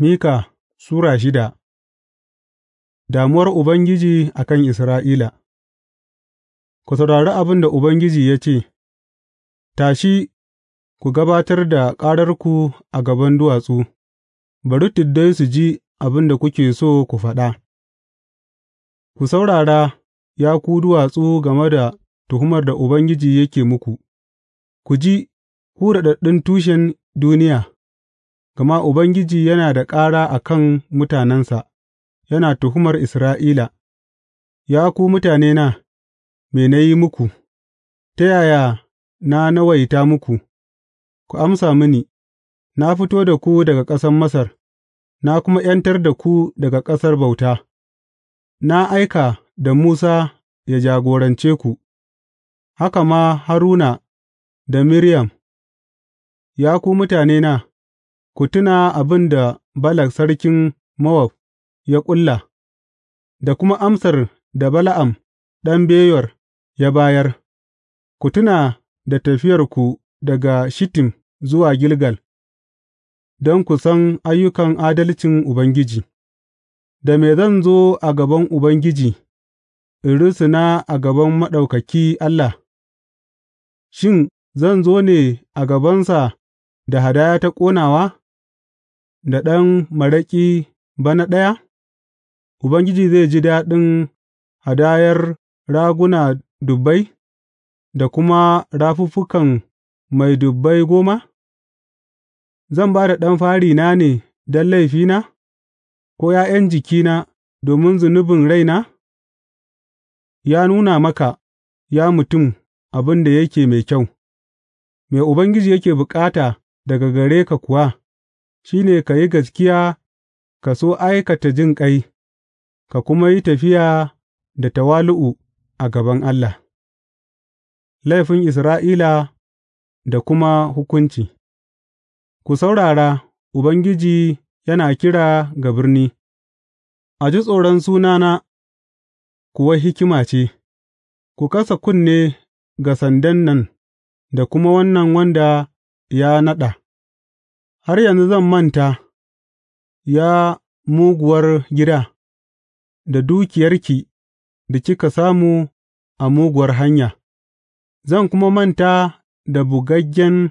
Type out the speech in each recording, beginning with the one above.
Mika Sura shida Damuwar Ubangiji a kan Isra'ila Ku saurari abin da Ubangiji ya ce, Tashi, ku gabatar da ƙararku a gaban duwatsu, bari tuddai su ji abin da kuke so ku faɗa, ku saurara, ya ku duwatsu game da tuhumar da Ubangiji yake muku, ku ji, ku daɗaɗɗun tushen duniya. Gama Ubangiji yana da ƙara a kan mutanensa, yana tuhumar Isra'ila, Ya ku mutanena, me na yi muku, ta yaya na nawaita muku, ku amsa mini, na fito da ku daga ƙasan Masar, na kuma ’yantar da ku daga ƙasar bauta, na aika da Musa ya jagorance ku, haka ma Haruna da Miriyam, Ya ku mutanena. Ku tuna abin da Balak sarkin Mowab ya ƙulla, da kuma amsar da Bala'am ɗan Beyor ya bayar, ku tuna da tafiyarku daga Shittim zuwa Gilgal, don ku san ayyukan adalcin Ubangiji, Da me zan zo a gaban Ubangiji in rusuna a gaban Maɗaukaki Allah, shin, zan zo ne a gabansa da hadaya ta ƙonawa? da ɗan maraƙi bana ɗaya, Ubangiji zai ji daɗin hadayar raguna dubbai da kuma rafuffukan mai dubbai goma? Zan ba da ɗan farina ne don laifina, ko ’ya'yan jikina domin zunubin raina? Ya nuna maka, ya mutum, abin da yake mai kyau, me Ubangiji yake bukata daga gare ka kuwa? shi ne ka yi gaskiya ka so aikata jinƙai, ka kuma yi tafiya da tawali'u a gaban Allah. Laifin Isra'ila da kuma hukunci Ku saurara, Ubangiji yana kira ga birni, a ji tsoron sunana kuwa hikima ce, ku kasa kunne ga sandan nan da kuma wannan wanda ya naɗa. Har yanzu zan manta, ya muguwar gida, da dukiyarki da kika samu a muguwar hanya, zan kuma manta da bugaggen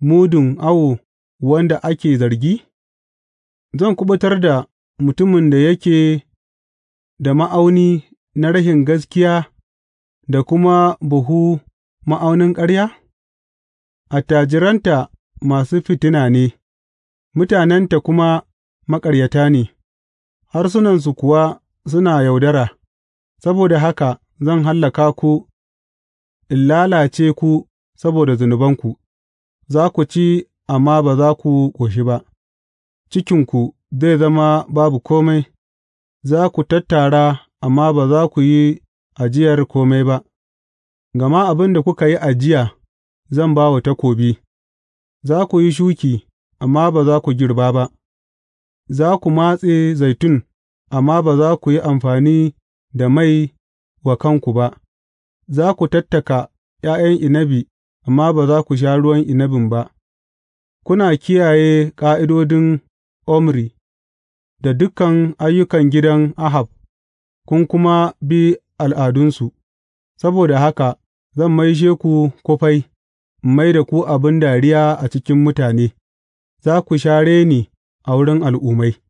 mudun awo wanda ake zargi, zan kubutar da mutumin da yake da ma'auni na rashin gaskiya da kuma buhu ma'aunin ƙarya? Attajiranta masu fitina ne, mutanenta kuma maƙaryata ne, harsunansu kuwa suna yaudara, saboda haka zan hallaka ku in lalace ku saboda zunubanku, za ku ci amma ba za ku ƙoshi ba, cikinku zai zama babu kome, za ku tattara amma ba za ku yi ajiyar kome ba, gama abin da kuka yi ajiya zan ba wa takobi. Za ku yi shuki, amma ba za ku girba ba, za ku matse zaitun, amma ba za ku yi amfani da mai wa kanku ba, za ku tattaka ’ya'yan inabi, amma ba za ku sha ruwan inabin ba, kuna kiyaye ƙa'idodin Omri, da dukan ayyukan gidan Ahab, kun kuma bi al'adunsu, saboda haka zan maishe ku kufai. mai da ku abin dariya a cikin mutane; za ku share ni a wurin al'ummai.